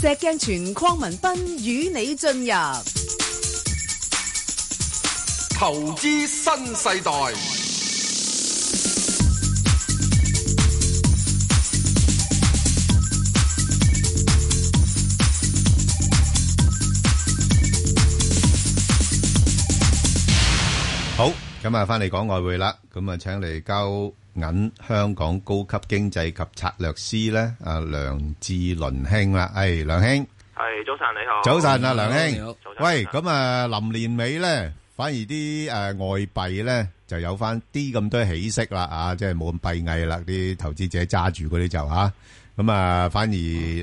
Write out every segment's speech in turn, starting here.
石鏡泉鄺文斌與你進入投資新世代。咁啊，翻嚟講外匯啦，咁啊，請嚟交銀香港高級經濟及策略師咧，阿梁志麟兄啦，誒，梁兄，係早晨，你好，早晨啊，梁兄，早晨，喂，咁啊，臨年尾咧，反而啲誒外幣咧就有翻啲咁多起色啦，啊，即係冇咁閉翳啦，啲投資者揸住嗰啲就吓，咁啊，反而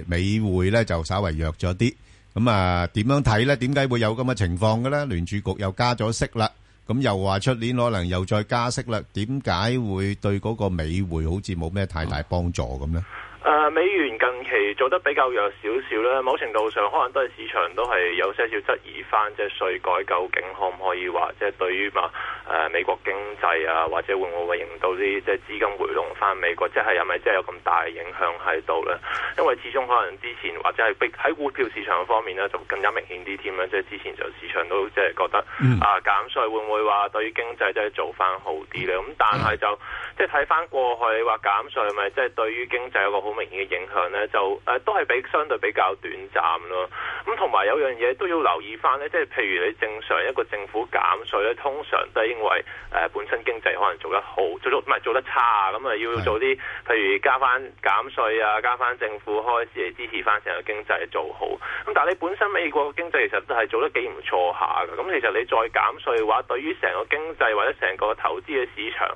美匯咧就稍微弱咗啲，咁啊，點樣睇咧？點解會有咁嘅情況嘅咧？聯儲局又加咗息啦。咁又話出年可能又再加息啦，點解會對嗰個美匯好似冇咩太大幫助咁咧？誒、uh, 美元近期做得比較弱少少咧，某程度上可能都係市場都係有些少質疑翻，即係稅改究竟可唔可以話，即係對於嘛誒美國經濟啊，或者會唔會引到啲即係資金回籠翻美國，即係有咪即係有咁大影響喺度咧？因為始終可能之前或者係喺股票市場方面咧，就更加明顯啲添啦。即係之前就市場都即係覺得、mm. 啊減稅會唔會話對於經濟即係做翻好啲咧？咁但係就。Mm. 即係睇翻過去話減稅咪，即係對於經濟有個好明顯嘅影響呢，就誒、是呃、都係比相對比較短暫咯。咁同埋有樣嘢都要留意翻呢，即係譬如你正常一個政府減稅呢，通常都係因為誒、呃、本身經濟可能做得好，做得唔係做得差咁啊、嗯、要做啲的譬如加翻減稅啊，加翻政府開支嚟支持翻成個經濟做好。咁但係你本身美國經濟其實都係做得幾唔錯下嘅，咁、嗯、其實你再減稅嘅話，對於成個經濟或者成個投資嘅市場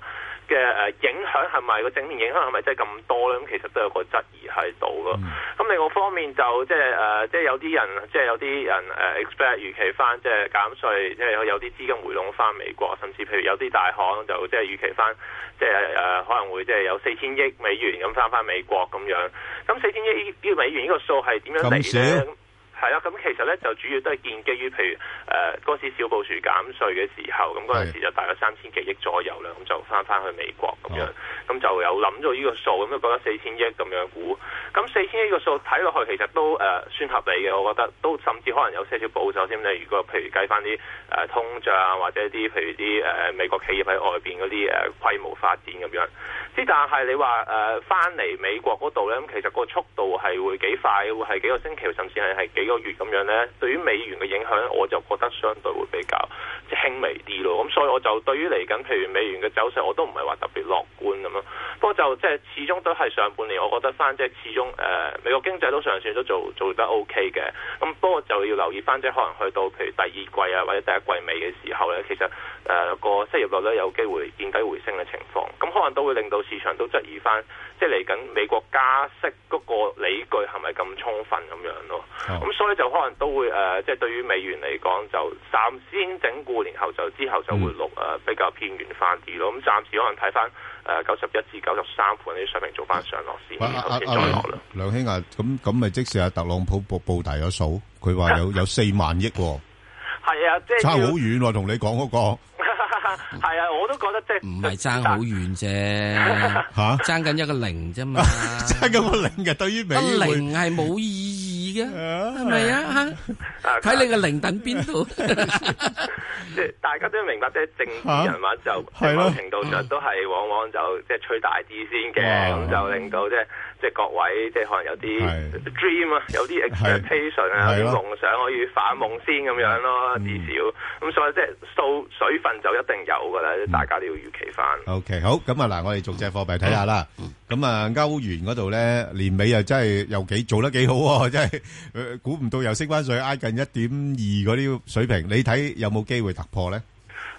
嘅誒影響係咪個正面影響係咪真係咁多咧？咁其實都有個質疑喺度咯。咁、嗯、另外方面就即係誒，即係有啲人即係有啲人誒 expect 預期翻即係減稅，即係有啲資金回籠翻美國，甚至譬如有啲大行就即係預期翻即係誒、呃、可能會即係有四千億美元咁翻翻美國咁樣。咁四千億美元呢個數係點樣嚟咧？係啦，咁、嗯、其實咧就主要都係建基於譬如誒嗰時小布什減稅嘅時候，咁嗰陣時就大約三千幾億左右啦，咁、嗯、就翻翻去美國咁樣，咁、哦嗯、就有諗到呢個數，咁就覺得四千億咁樣估，咁四千億個數睇落去其實都誒、呃、算合理嘅，我覺得都甚至可能有些少保守添。你如果譬如計翻啲誒通脹啊，或者啲譬如啲誒、呃、美國企業喺外邊嗰啲誒規模發展咁樣，啲但係你話誒翻嚟美國嗰度咧，咁其實個速度係會幾快，會係幾個星期，甚至係係幾。個月咁樣咧，對於美元嘅影響，我就覺得相對會比較輕微啲咯。咁所以我就對於嚟緊，譬如美元嘅走勢，我都唔係話特別樂觀咁咯。不過就即係始終都係上半年，我覺得翻即係始終誒、呃、美國經濟都尚算都做做得 OK 嘅。咁不過就要留意翻，即係可能去到譬如第二季啊，或者第一季尾嘅時候呢，其實。誒失業率咧有機會見底回升嘅情況，咁可能都會令到市場都質疑翻，即係嚟緊美國加息嗰個理據係咪咁充分咁樣咯？咁所以就可能都會誒，即係對於美元嚟講，就暫先整固，然後就之後就會落誒比較偏軟翻啲咯。咁暫時可能睇翻誒九十一至九十三盤呢啲水平做翻上落市，後先再落啦。梁兄啊，咁咁咪即使阿特朗普報報大咗數，佢話有有四萬億喎。係啊，即係差好遠喎，同你講嗰個。係 啊，我都覺得即係唔係爭好遠啫，吓爭緊一個零啫嘛，爭緊 個零嘅，對於美。零係冇意。係咪啊？啊，睇你個零等邊度？即係大家都明白，即係政治人物就某 的、啊、程度上都係往往就即係吹大啲先嘅，咁、啊啊、就令到即係即係各位即係可能有啲 dream 是啊，dream, 有啲 expectation 啊是，有啲夢想可以反夢先咁樣咯，至少咁、嗯嗯嗯、所以即係掃水分就一定有噶啦，大家都要預期翻、嗯。OK，好，咁啊嗱，我哋逐隻貨幣睇下啦。嗯咁啊，歐元嗰度呢，年尾又真係又幾做得幾好喎，真係估唔到又升返上去，挨近一點二嗰啲水平，你睇有冇機會突破呢？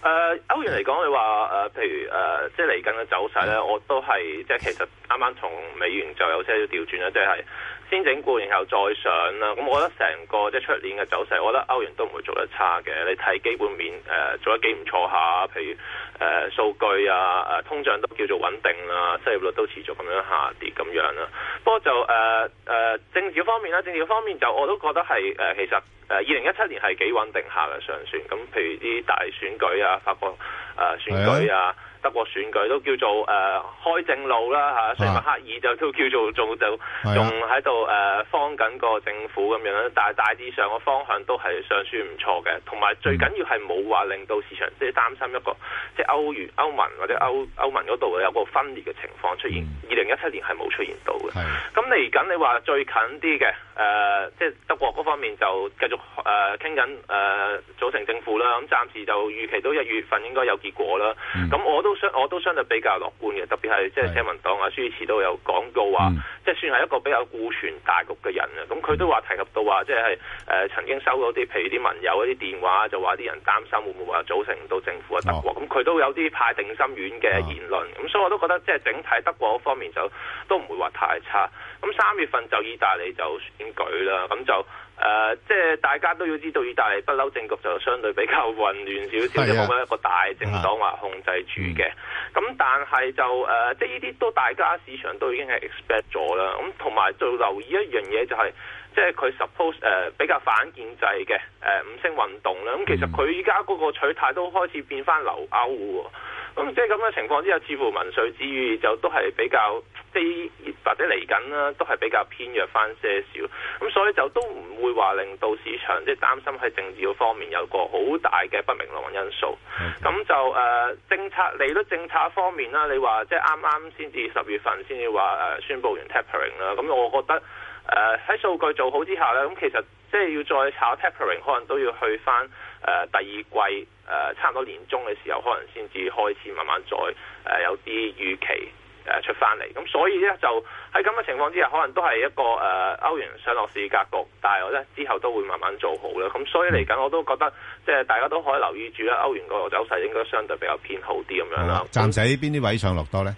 誒、uh，歐元嚟講，你話誒，譬如誒、呃，即係嚟緊嘅走勢咧，我都係即係其實啱啱從美元就有些少調轉啦，即、就、係、是、先整固，然後再上啦。咁、嗯、我覺得成個即係出年嘅走勢，我覺得歐元都唔會做得差嘅。你睇基本面誒、呃、做得幾唔錯下，譬如誒數、呃、據啊，誒、呃、通脹都叫做穩定啦，失業率都持續咁樣下跌咁樣啦。不過就誒誒、呃呃、政治方面啦，政治方面就我都覺得係誒、呃、其實。誒二零一七年係幾穩定下嘅上算，咁譬如啲大選舉啊、法國誒、呃、選舉啊、德國選舉都叫做誒、呃、開正路啦、啊、嚇，雖然默克爾就都叫做仲就仲喺度誒方緊個政府咁樣，但係大致上個方向都係上算唔錯嘅，同埋最緊要係冇話令到市場即係、嗯、擔心一個即係歐元歐盟，歐盟或者歐歐盟嗰度有個分裂嘅情況出現，二零一七年係冇出現到嘅。嗯嚟緊你話最近啲嘅，誒、呃，即、就、係、是、德國嗰方面就繼續誒傾緊誒組成政府啦。咁、嗯、暫時就預期到一月份應該有結果啦。咁、嗯、我都相我都相對比較樂觀嘅，特別係即係社民黨啊、是舒爾茨都有講到話，嗯、即係算係一個比較顧全大局嘅人啊。咁、嗯、佢、嗯、都話提及到話，即係誒曾經收到啲，譬如啲盟友一啲電話，就話啲人擔心會唔會話組成到政府啊德國。咁佢、哦、都有啲派定心丸嘅言論。咁、啊啊、所以我都覺得即係整體德國嗰方面就都唔會話太差。咁三月份就意大利就選舉啦，咁就誒、呃，即係大家都要知道，意大利不嬲政局就相對比較混亂少少，即冇乜、啊、一個大政黨話控制住嘅。咁、啊嗯、但係就誒、呃，即係呢啲都大家市場都已經係 expect 咗啦。咁同埋就留意一樣嘢就係、是，即係佢 suppose 誒、呃、比較反建制嘅誒、呃、五星運動啦。咁其實佢依家嗰個取態都開始變翻留歐喎。咁、嗯、即係咁嘅情況之下，似乎民粹之餘就都係比較非，或者嚟緊啦，都係比較偏弱翻些少。咁、嗯、所以就都唔會話令到市場即係擔心喺政治嗰方面有個好大嘅不明朗因素。咁 Okay.、嗯、就誒、呃、政策利率政策方面啦，你話即係啱啱先至十月份先至話誒宣布完 tapering 啦、嗯。咁我覺得誒喺數據做好之下呢，咁、嗯、其實即係要再炒 tapering 可能都要去翻誒、呃、第二季。誒差唔多年中嘅時候，可能先至開始慢慢再誒、呃、有啲預期誒、呃、出翻嚟，咁、嗯、所以咧就喺咁嘅情況之下，可能都係一個誒、呃、歐元上落市格局，但係我咧之後都會慢慢做好啦，咁、嗯嗯、所以嚟緊我都覺得即係、呃、大家都可以留意住啦，歐元個走勢應該相對比較偏好啲咁樣啦。暫時喺邊啲位上落多呢？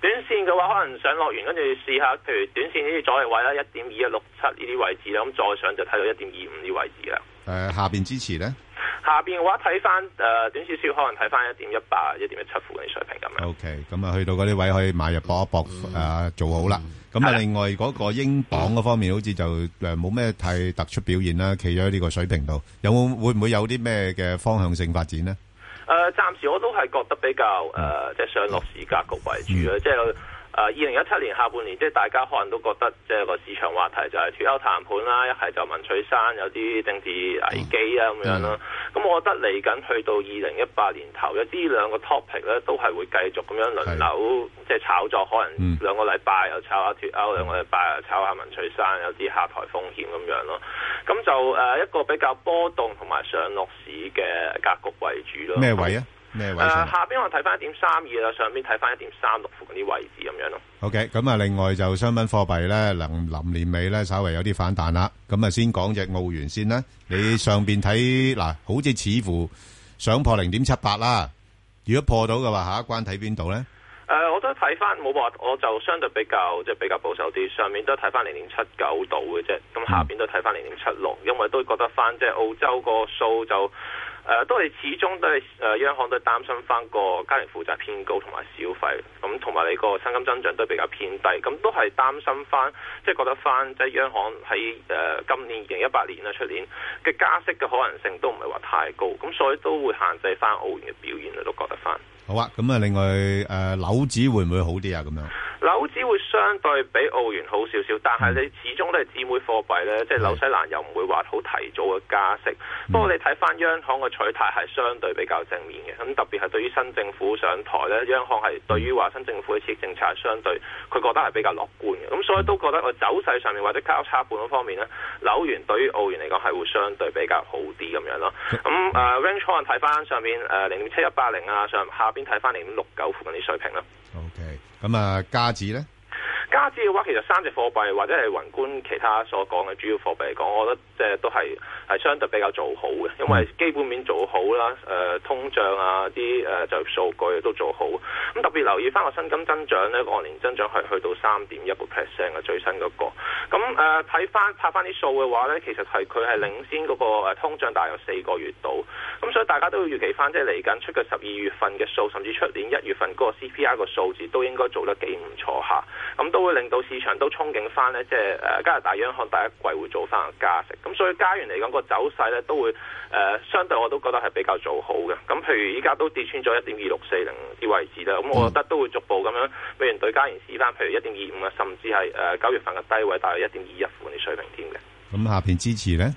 短線嘅話，可能上落完跟住試下，譬如短線呢啲阻力位啦，一點二一六七呢啲位置啦，咁再上就睇到一點二五呢啲位置啦。誒、呃，下邊支持咧？下邊嘅話睇翻誒，短少少可能睇翻一點一八、一點一七附近水平咁樣。O K，咁啊，去到嗰啲位可以買入搏一搏，誒、嗯呃，做好啦。咁啊、嗯，另外嗰、嗯、個英鎊嗰方面好，好似就誒冇咩太突出表現啦，企咗喺呢個水平度，有冇會唔會有啲咩嘅方向性發展呢？誒、呃，暫時我都係覺得比較誒，即、呃、係、就是、上落市格局為主啊，即係、嗯。嗯啊！二零一七年下半年，即係大家可能都覺得，即係、這個市場話題就係脱歐談判啦，一係就文翠珊有啲政治危機啊咁、嗯、樣咯。咁、嗯、我覺得嚟緊去到二零一八年頭，有啲兩個 topic 咧都係會繼續咁樣輪流是即係炒作，可能兩個禮拜又炒下脱歐，兩、嗯、個禮拜又炒下文翠珊有啲下台風險咁樣咯。咁就誒、呃、一個比較波動同埋上落市嘅格局為主咯。咩位啊？誒、呃、下邊我睇翻一點三二啦，上邊睇翻一點三六附近啲位置咁樣咯。OK，咁啊另外就商品貨幣咧，能臨年尾咧，稍微有啲反彈啦。咁啊先講隻澳元先啦。你上邊睇嗱，好似似乎想破零點七八啦。如果破到嘅話，下一關睇邊度咧？誒、呃，我都睇翻冇話，我就相對比較即係、就是、比較保守啲。上面都睇翻零點七九度嘅啫，咁下邊都睇翻零點七六，因為都覺得翻即係澳洲個數就。誒、呃、都係始終都係誒央行都係擔心翻個家庭負債偏高同埋消費，咁同埋你個薪金增長都比較偏低，咁、嗯、都係擔心翻，即係覺得翻即係央行喺誒、呃、今年二零一八年啦出年嘅加息嘅可能性都唔係話太高，咁、嗯、所以都會限制翻澳元嘅表現，都覺得翻。好、呃、會會好啊，咁啊，另外誒，紐紙會唔會好啲啊？咁樣紐紙會相對比澳元好少少，但係你始終都係姊妹貨幣咧，即、就、係、是、紐西蘭又唔會話好提早嘅加息。的不過你睇翻央行嘅取態係相對比較正面嘅，咁特別係對於新政府上台咧，央行係對於話新政府嘅刺激政策係相對佢覺得係比較樂觀嘅，咁所以都覺得個走勢上面或者交叉盤嗰方面呢，紐元對於澳元嚟講係會相對比較好啲咁樣咯。咁誒，range 看睇翻上面，誒零點七一八零啊，80，上下。邊睇翻嚟零點六九附近啲水平啦。OK，咁啊，加紙咧？加紙嘅話，其實三隻貨幣或者係宏觀其他所講嘅主要貨幣嚟講，我覺得即係都係。係相對比較做好嘅，因為基本面做好啦，誒、呃、通脹啊啲誒、呃、就業數據都做好。咁特別留意翻個薪金增長呢，個按年增長係去到三點、啊、一個 percent 嘅最新嗰個。咁誒睇翻拍翻啲數嘅話呢，其實係佢係領先嗰個通脹大約四個月度。咁、嗯、所以大家都預期翻，即係嚟緊出嘅十二月份嘅數，甚至出年一月份嗰個 CPI 個數字，都應該做得幾唔錯下咁、嗯、都會令到市場都憧憬翻呢，即係誒加拿大央行第一季會做翻個加息。咁所以加元嚟講。個走勢咧都會誒、呃，相對我都覺得係比較做好嘅。咁、嗯、譬如依家都跌穿咗一點二六四零啲位置啦，咁、嗯嗯、我覺得都會逐步咁樣。美元對加元市啦，譬如一點二五啊，甚至係誒、呃、九月份嘅低位，大約一點二一附近啲水平添嘅。咁、嗯、下邊支持咧？誒、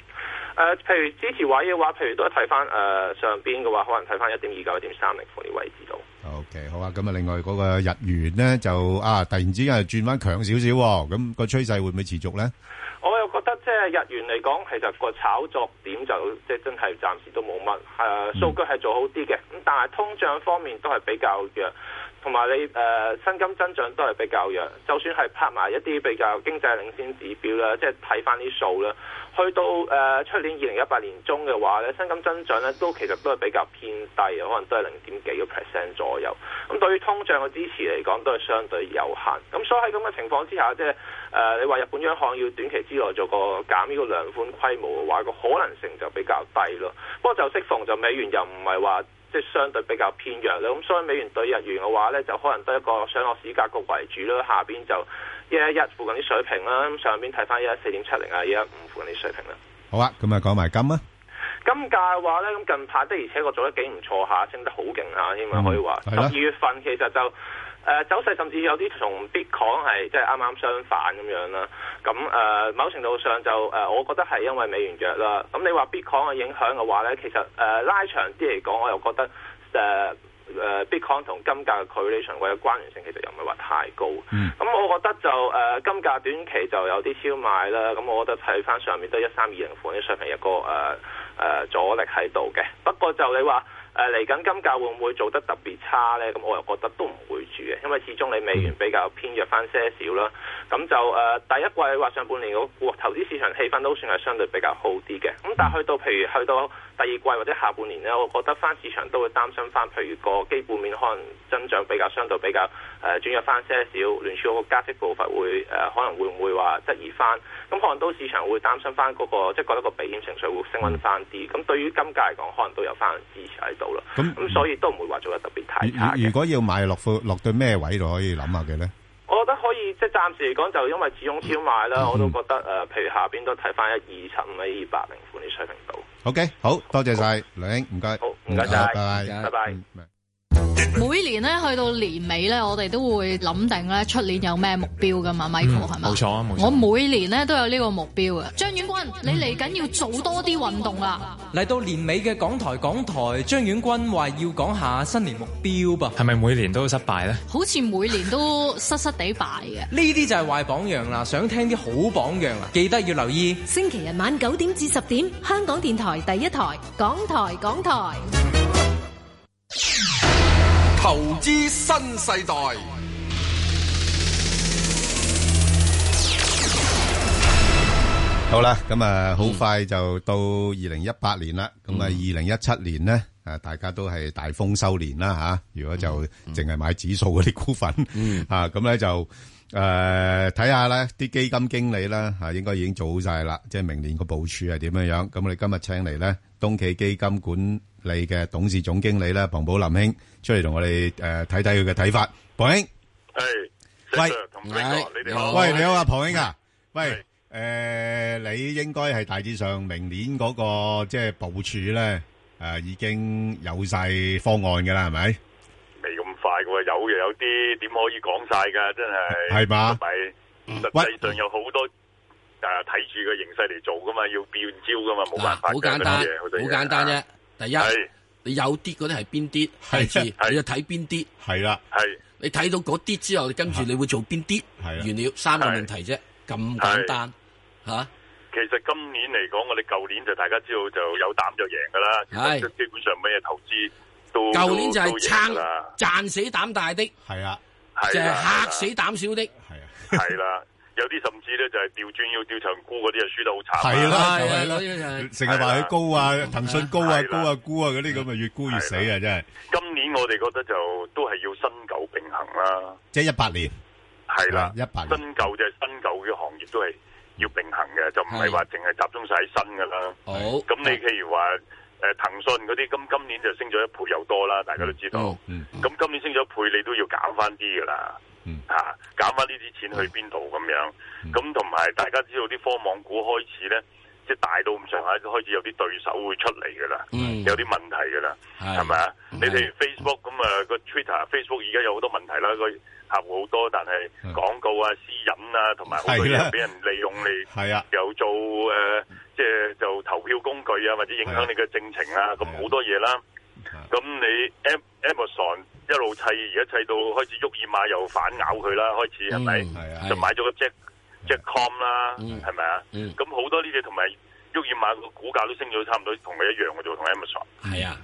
呃，譬如支持位嘅話，譬如都係睇翻誒上邊嘅話，可能睇翻一點二九、一點三零附近啲位置度。OK，好啊。咁啊，另外嗰個日元咧就啊，突然之間係轉翻強少少，咁、那個趨勢會唔會持續咧？我有。即係日元嚟講，其實就個炒作點就即係真係暫時都冇乜誒數據係做好啲嘅咁，但係通脹方面都係比較弱，同埋你誒薪、呃、金增長都係比較弱。就算係拍埋一啲比較經濟領先指標啦，即係睇翻啲數啦。去到誒出、呃、年二零一八年中嘅話咧，薪金增長咧都其實都係比較偏低，可能都係零點幾個 percent 左右。咁對於通脹嘅支持嚟講，都係相對有限。咁所以喺咁嘅情況之下，即係誒你話日本央行要短期之內做個減呢個量寬規模嘅話，個可能性就比較低咯。不過就適逢就美元又唔係話即係相對比較偏弱咯。咁所以美元對日元嘅話咧，就可能得一個上落市格局為主咯，下邊就，一一、一、附近啲水平啦，咁上邊睇翻一、一、四點七零啊，一、一、五附近啲水平啦。好啊，咁啊講埋金啊。金價嘅話咧，咁近排的而且確做得幾唔錯下，升得好勁下添啊，嗯、可以話。十二的月份其實就誒、呃、走勢，甚至有啲同 Bitcoin 係即係、就、啱、是、啱相反咁樣啦。咁誒、呃，某程度上就誒、呃，我覺得係因為美元弱啦。咁你話 Bitcoin 嘅影響嘅話咧，其實誒、呃、拉長啲嚟講，我又覺得誒。呃誒 Bitcoin 同金價嘅 correlation 或者嘅關聯性其實又唔係話太高，咁我覺得就誒金價短期就有啲超賣啦，咁我覺得睇翻上面都係一三二零款，近上面有個個誒阻力喺度嘅，不過就你話。誒嚟緊金價會唔會做得特別差呢？咁我又覺得都唔會住嘅，因為始終你美元比較偏弱翻些少啦。咁就誒、呃、第一季或上半年個投資市場氣氛都算係相對比較好啲嘅。咁但係去到譬如去到第二季或者下半年呢，我覺得翻市場都會擔心翻，譬如個基本面可能增長比較相對比較誒轉、呃、弱翻些少，聯儲嗰個加息步伐會誒、呃、可能會唔會話質疑翻。咁可能都市場會擔心翻嗰、那個，即、就、係、是、覺得個避險情緒會升溫翻啲。咁對於金價嚟講，可能都有翻支持喺度。咁咁所以都唔會話做得特別睇下嘅。如果要買落貨落到咩位就可以諗下嘅咧？我覺得可以，即係暫時嚟講就因為始終超買啦，我都覺得誒，譬如下邊都睇翻一二七五、一二八零股呢水平度。OK，好多謝晒梁英，唔該。好，唔該晒，拜拜，拜拜。每年咧去到年尾咧，我哋都會諗定咧出年有咩目標噶嘛，Michael 係嘛，嗯？冇錯啊！冇錯。我每年咧都有呢個目標嘅。張遠君，嗯，你嚟緊要做多啲運動啦！嚟到年尾嘅港台，港台張遠君話要講下新年目標噃。係咪每年都要失敗咧？好似每年都失失地敗嘅。呢啲 就係壞榜樣啦！想聽啲好榜樣啊！記得要留意星期日晚九點至十點，香港電台第一台港台港台。港台 投資新世代，好啦，咁啊，好快就到二零一八年啦。咁啊，二零一七年咧，啊，大家都係大豐收年啦，吓。如果就淨係買指數嗰啲股份，啊，咁咧就誒，睇下咧，啲基金經理啦，啊，應該已經做好晒啦。即係明年個部署係點樣樣？咁我哋今日請嚟咧，東驥基金管。你嘅董事總經理啦，龐寶林兄，出嚟同我哋誒睇睇佢嘅睇法，龐兄，係，喂，同邊個？你哋好，喂你好啊，龐兄啊，喂，誒，你應該係大致上明年嗰個即係部署咧，誒已經有晒方案㗎啦，係咪？未咁快㗎喎，有又有啲，點可以講晒噶？真係，係嘛？唔係，實際上有好多誒睇住個形勢嚟做噶嘛，要變招噶嘛，冇辦法嘅，好簡單，好簡單啫。第一，你有啲嗰啲係邊啲，第二你要睇邊啲，係啦，係。你睇到嗰啲之後，跟住你會做邊啲，係。完了三個問題啫，咁簡單吓。其實今年嚟講，我哋舊年就大家知道就有膽就贏噶啦，基本上咩投資都。舊年就係撐賺死膽大的，係啊，就係吓死膽小的，係啊，係啦。有啲甚至咧就係調轉要調倉沽嗰啲啊，輸得好慘。係啦，係啦，成日話佢高啊，騰訊高啊，高啊沽啊，嗰啲咁啊，越沽越死啊，真係。今年我哋覺得就都係要新舊並行啦。即係一八年係啦，一八年新舊就係新舊嘅行業都係要並行嘅，就唔係話淨係集中晒喺新噶啦。好。咁你譬如話誒騰訊嗰啲，咁今年就升咗一倍有多啦，大家都知道。嗯。咁今年升咗一倍，你都要減翻啲噶啦。嗯，吓減翻呢啲錢去邊度咁樣，咁同埋大家知道啲科網股開始咧，即係大到咁上下，就開始有啲對手會出嚟噶啦，有啲問題噶啦，係咪啊？你譬如 Facebook 咁啊個 Twitter，Facebook 而家有好多問題啦，個客戶好多，但係廣告啊、私隱啊，同埋好多嘢俾人利用你，係啊，有做誒，即係就投票工具啊，或者影響你嘅政情啊，咁好多嘢啦。咁你 Amazon 一路砌，而家砌到開始沃爾瑪又反咬佢啦，開始係咪？就買咗個 Jet Jet.com 啦，係咪啊？咁好多呢啲同埋沃爾瑪個股價都升咗，差唔多同佢一樣嘅啫，同 Amazon。係啊，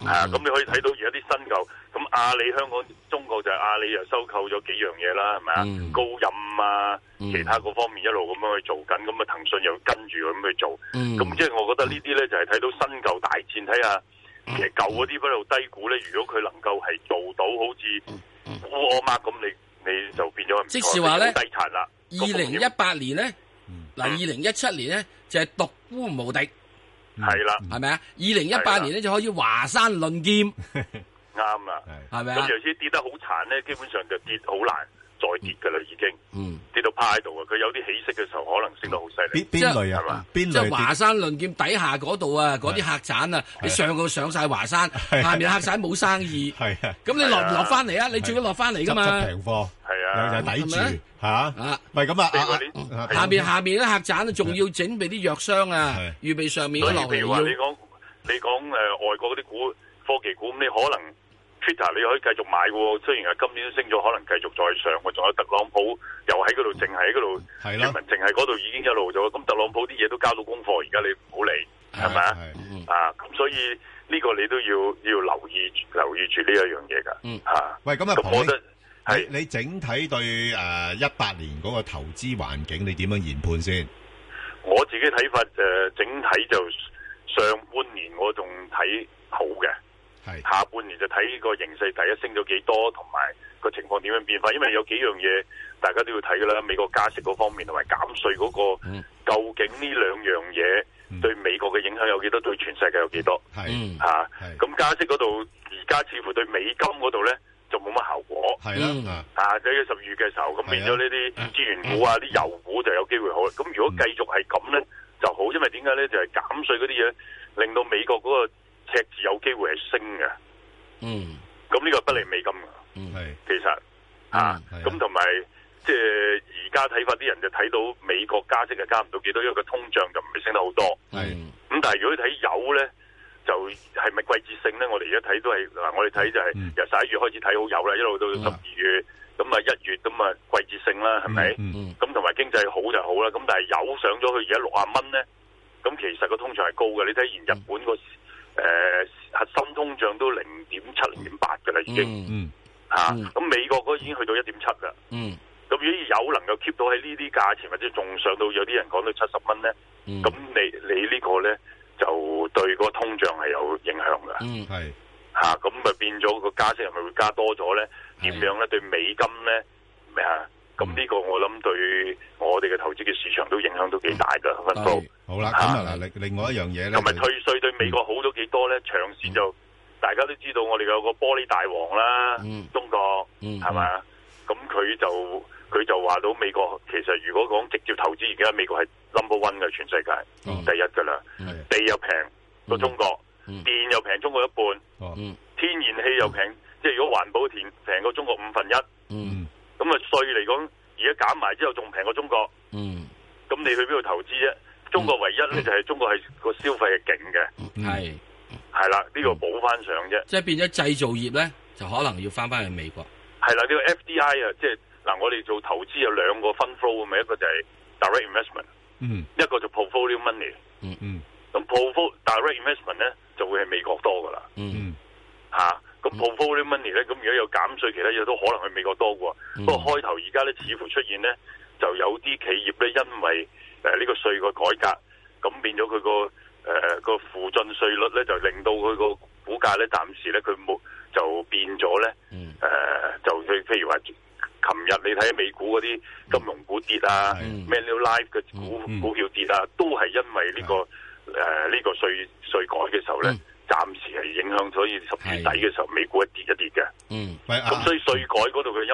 係啊，咁你可以睇到而家啲新舊，咁阿里香港中國就係阿里又收購咗幾樣嘢啦，係咪啊？高任啊，其他各方面一路咁樣去做緊，咁啊騰訊又跟住咁去做，咁即係我覺得呢啲咧就係睇到新舊大戰，睇下。其實舊嗰啲喺度低估咧，如果佢能夠係做到好似股我媽咁，你你就變咗即使話咧，好低殘啦。二零一八年咧，嗱二零一七年咧就係獨孤無敵，係啦，係咪啊？二零一八年咧、就是、了就可以華山論劍「華山論劍，啱啦吧，係咪啊？咁原先跌得好慘咧，基本上就跌好難。再跌㗎啦，已經跌到趴喺度啊！佢有啲起色嘅時候，可能升到好犀利。邊邊類係嘛？即係華山論劍底下嗰度啊，嗰啲客棧啊，你上個上曬華山，下面客棧冇生意。係啊，咁你落唔落翻嚟啊！你最緊落翻嚟㗎嘛？執執平貨係啊，有就抵住嚇嚇。咪咁啊！下面下面啲客棧仲要準備啲藥箱啊，預備上面嗰啲落嚟。譬如話你講你講誒外國嗰啲股科技股，咁你可能。Twitter 你可以繼續買嘅喎，雖然係今年都升咗，可能繼續再上，我仲有特朗普又喺嗰度，淨係喺嗰度，人民淨係度已經一路咗。咁特朗普啲嘢都交到功課，而家你唔好理，係咪啊？啊，咁所以呢個你都要要留意留意住呢一樣嘢㗎。嗯，喂，咁啊，龐兄，平的你你整體對誒一八年嗰個投資環境你點樣研判先？我自己睇法誒、呃，整體就上半年我仲睇好嘅。下半年就睇呢個形勢，第一升咗幾多，同埋個情況點樣變化。因為有幾樣嘢大家都要睇㗎啦，美國加息嗰方面同埋減稅嗰、嗰個，嗯、究竟呢兩樣嘢對美國嘅影響有幾多，嗯、對全世界有幾多？係嚇，咁加息嗰度而家似乎對美金嗰度呢就冇乜效果。係啦的，嗯、啊，啊十一月嘅時候咁的變咗呢啲資源股啊、啲、嗯嗯、油股就有機會好。咁如果繼續係咁呢，就好，因為點解呢？就係、是、減稅嗰啲嘢令到美國嗰、嗰個。劇字有機會係升嘅，嗯，咁呢個不利美金嘅，嗯係，其實啊，咁同埋即係而家睇法，啲人就睇到美國加息就加唔到幾多，因為個通脹就唔會升得好多，係、嗯，咁但係如果你睇油咧，就係、是、咪季節性咧？我哋而家睇都係嗱，我哋睇就係由十一月開始睇好油啦，一路到十二月，咁、嗯、啊一月咁啊季節性啦，係咪、嗯？嗯咁同埋經濟好就好啦，咁但係油上咗去而家六啊蚊咧，咁其實個通脹係高嘅，你睇完日本個。嗯誒、呃，核心通脹都零點七零點八嘅啦，已經，吓，咁美國嗰個已經去到一點七啦，咁、嗯、如果有能夠 keep 到喺呢啲價錢，或者仲上到有啲人講到七十蚊咧，咁、嗯、你你個呢個咧就對嗰個通脹係有影響㗎，係、嗯，嚇，咁咪、啊、變咗個加息係咪會加多咗咧？點樣咧？是對美金咧咩啊？咁呢個我諗對我哋嘅投資嘅市場都影響都幾大噶。好啦，咁嗱，另另外一樣嘢咧，同埋退稅對美國好咗幾多咧？長線就大家都知道，我哋有個玻璃大王啦，中國係嘛？咁佢就佢就話到美國，其實如果講直接投資而家美國係 number one 嘅，全世界第一噶啦，地又平過中國，電又平中國一半，天然氣又平，即係如果環保電平過中國五分一。咁啊稅嚟講，而家減埋之後仲平過中國。嗯。咁你去邊度投資啫？中國唯一咧就係中國係個消費係勁嘅，係係啦，呢個補翻上啫。即係變咗製造業咧，就可能要翻翻去美國。係啦，呢、呢個 FDI 啊，即係嗱，我哋做投資有兩個 fund flow 咁嘅，一個就係 direct investment，嗯，一個就 portfolio money，嗯嗯。咁、嗯、portfolio、嗯嗯、direct investment 咧，就會係美國多噶啦，嗯，吓、嗯。咁、mm hmm. proposal money 咧，咁如果有減稅，其他嘢都可能去美國多啩。Mm hmm. 不過開頭而家咧，似乎出現咧，就有啲企業咧，因為誒呢個稅個改革，咁變咗佢個誒個附進稅率咧，就令到佢個股價咧，暫時咧佢冇就變咗咧。誒、mm hmm. 呃，就譬如話，琴日你睇美股嗰啲金融股跌啊，Manulife、mm hmm. 嘅股、mm hmm. 股票跌啊，都係因為呢、這個誒呢、mm hmm. 呃這個稅稅改嘅時候咧。Mm mm mm 暫時係影響，所以十月底嘅時候，美股一跌一跌嘅。嗯，咁所以稅改嗰度嘅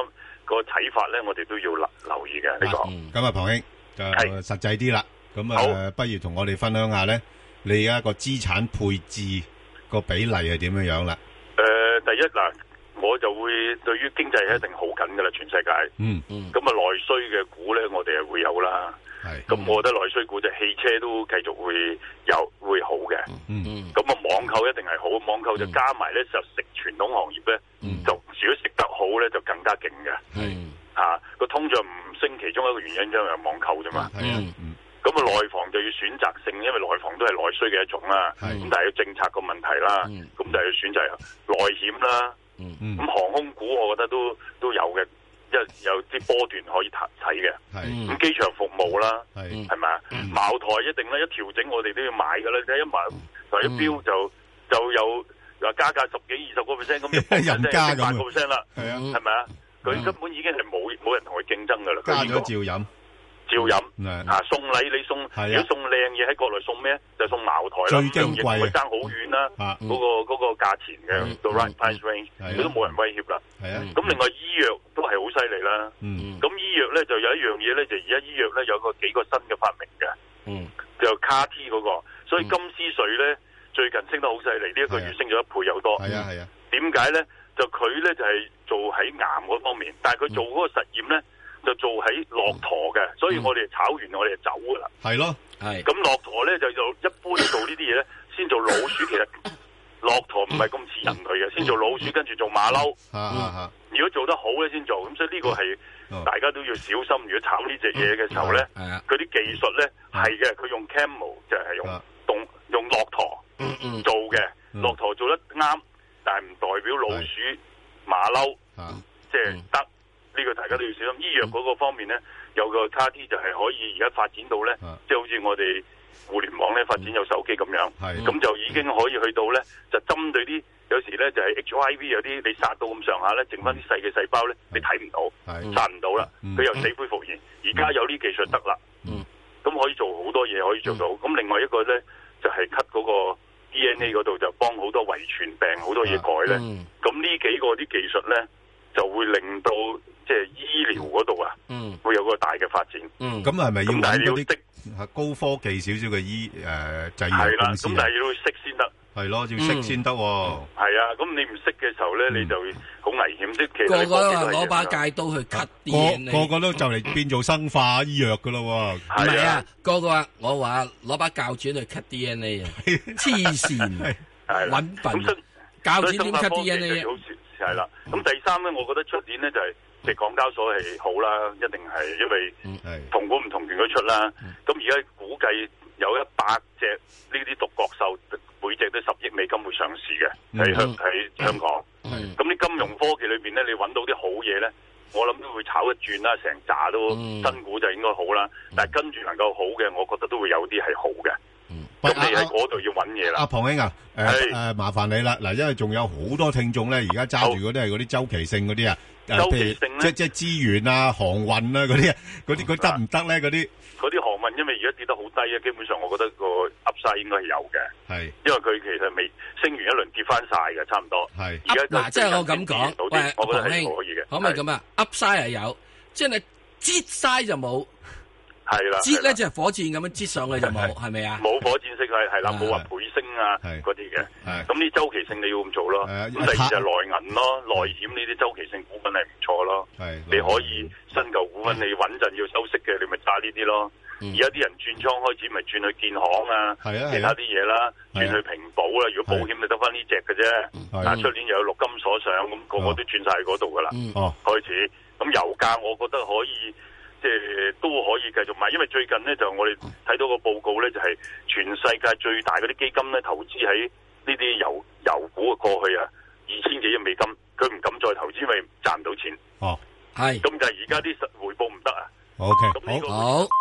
嗰個睇法咧，我哋都要留留意嘅。你講，咁啊，龐兄就實際啲啦。咁啊，不如同我哋分享下咧，你而家個資產配置個比例係點樣樣啦？誒、呃，第一嗱，我就會對於經濟係一定好緊噶啦，全世界。嗯嗯。咁、嗯、啊，內需嘅股咧，我哋係會有啦。係，咁我覺得內需股就汽車都繼續會有會好嘅，嗯嗯，咁啊網購一定係好，網購就加埋咧就食傳統行業咧，就如果食得好咧就更加勁嘅。係，吓個通脹唔升，其中一個原因因為有網購啫嘛。嗯嗯，咁啊內房就要選擇性，因為內房都係內需嘅一種啦，咁但係要政策個問題啦，咁就係要選擇內險啦，嗯嗯，咁航空股我覺得都都有嘅。即係有啲波段可以睇嘅，咁是機場服務啦，係咪啊？茅吧、嗯、台一定咧，一調整我哋都要買嘅咧。你一賣，賣、嗯、一標就就有，話加價十幾二十個 percent，咁又加咁，十幾萬個 percent 啦，係啊吧，係咪啊？佢根本已經係冇冇人同佢競爭嘅啦，加咗照飲。照飲，啊送禮你送，如果送靚嘢喺國內送咩？就送茅台啦，最驚貴爭好遠啦，嗰個嗰個價錢嘅 r i g h p i c e r a n g 佢都冇人威脅啦。咁另外醫藥都係好犀利啦。咁醫藥呢，就有一樣嘢呢，就而家醫藥呢，有個幾個新嘅發明嘅。嗯，就卡 T 嗰個，所以金絲水呢，最近升得好犀利，呢一個月升咗一倍有多。係啊係啊，點解呢？就佢呢，就係做喺癌嗰方面，但係佢做嗰個實驗咧。做喺駱駝嘅，所以我哋炒完我哋就走噶啦。係咯，係。咁駱駝咧就做一般做呢啲嘢咧，先做老鼠。其實駱駝唔係咁似人類嘅，先做老鼠，跟住做馬騮。如果做得好咧，先做。咁所以呢個係大家都要小心。如果炒呢隻嘢嘅時候咧，佢啲技術咧係嘅。佢用 camel 就係用動用駱駝做嘅。駱駝做得啱，但係唔代表老鼠、馬騮即係得。呢個大家都要小心。醫藥嗰個方面呢，有個卡 T 就係可以而家發展到呢，即係好似我哋互聯網呢發展有手機咁樣，咁就已經可以去到呢，就針對啲有時呢就係 HIV 有啲你殺到咁上下呢，剩翻啲細嘅細胞呢，你睇唔到，殺唔到啦，佢又死灰復燃。而家有啲技術得啦，咁可以做好多嘢可以做到。咁另外一個呢，就係 cut 嗰個 DNA 嗰度就幫好多遺傳病好多嘢改呢。咁呢幾個啲技術呢，就會令到。即係醫療嗰度啊，會有個大嘅發展。咁係咪要搵啲高科技少少嘅醫誒製藥公司？係啦，咁但係要識先得。係咯，要識先得。係啊，咁你唔識嘅時候咧，你就好危險啲。其實個個都話攞把戒刀去 cut DNA。個個都就嚟變做生化醫藥噶咯。唔係啊，個個我話攞把鉸剪去 cut DNA。黐線，係搵笨。所以生化科技嘅嘢好蝕。係啦，咁第三咧，我覺得出年咧就係。即係港交所係好啦，一定係，因為同股唔同權都出啦。咁而家估計有一百隻呢啲獨角獸，每隻都十億美金會上市嘅。喺香喺香港咁啲、嗯、金融科技裏邊咧，你揾到啲好嘢咧，我諗都會炒一轉啦。成扎都新股就應該好啦，但跟住能夠好嘅，我覺得都會有啲係好嘅。咁、嗯啊、你喺嗰度要揾嘢啦。阿龐兄，啊，誒、啊呃是啊，麻煩你啦。嗱，因為仲有好多聽眾咧，而家揸住嗰啲係嗰啲周期性嗰啲啊。周期性咧，即即資源啊、航運啊嗰啲，嗰啲佢得唔得咧？嗰啲嗰啲航運，因為而家跌得好低啊，基本上我覺得個 upside 應該係有嘅，係因為佢其實未升完一輪跌翻晒嘅，差唔多係。而家，嗱，即係我咁講，我覺得係可以嘅。可唔可以咁啊，upside 係有，即係你跌晒就冇，係啦，跌咧就火箭咁樣跌上去就冇，係咪啊？冇火箭。係啦，冇話倍升啊，嗰啲嘅。咁呢周期性你要咁做咯。咁第二就係內銀咯，內險呢啲周期性股份係唔錯咯。你可以新舊股份你穩陣要收息嘅，你咪揸呢啲咯。而家啲人轉倉開始，咪轉去建行啊，其他啲嘢啦，轉去平保啦。如果保險，你得返呢隻嘅啫。嗱，出年又有陸金所上，咁個個都轉晒去嗰度噶啦。開始咁油價，我覺得可以。即係都可以繼續買，因為最近呢，就係、我哋睇到個報告呢，就係、是，全世界最大嗰啲基金呢，投資喺呢啲油油股啊，過去啊二千幾億美金，佢唔敢再投資，因為賺唔到錢。哦，係。咁就係而家啲回報唔得啊。OK，好好。好。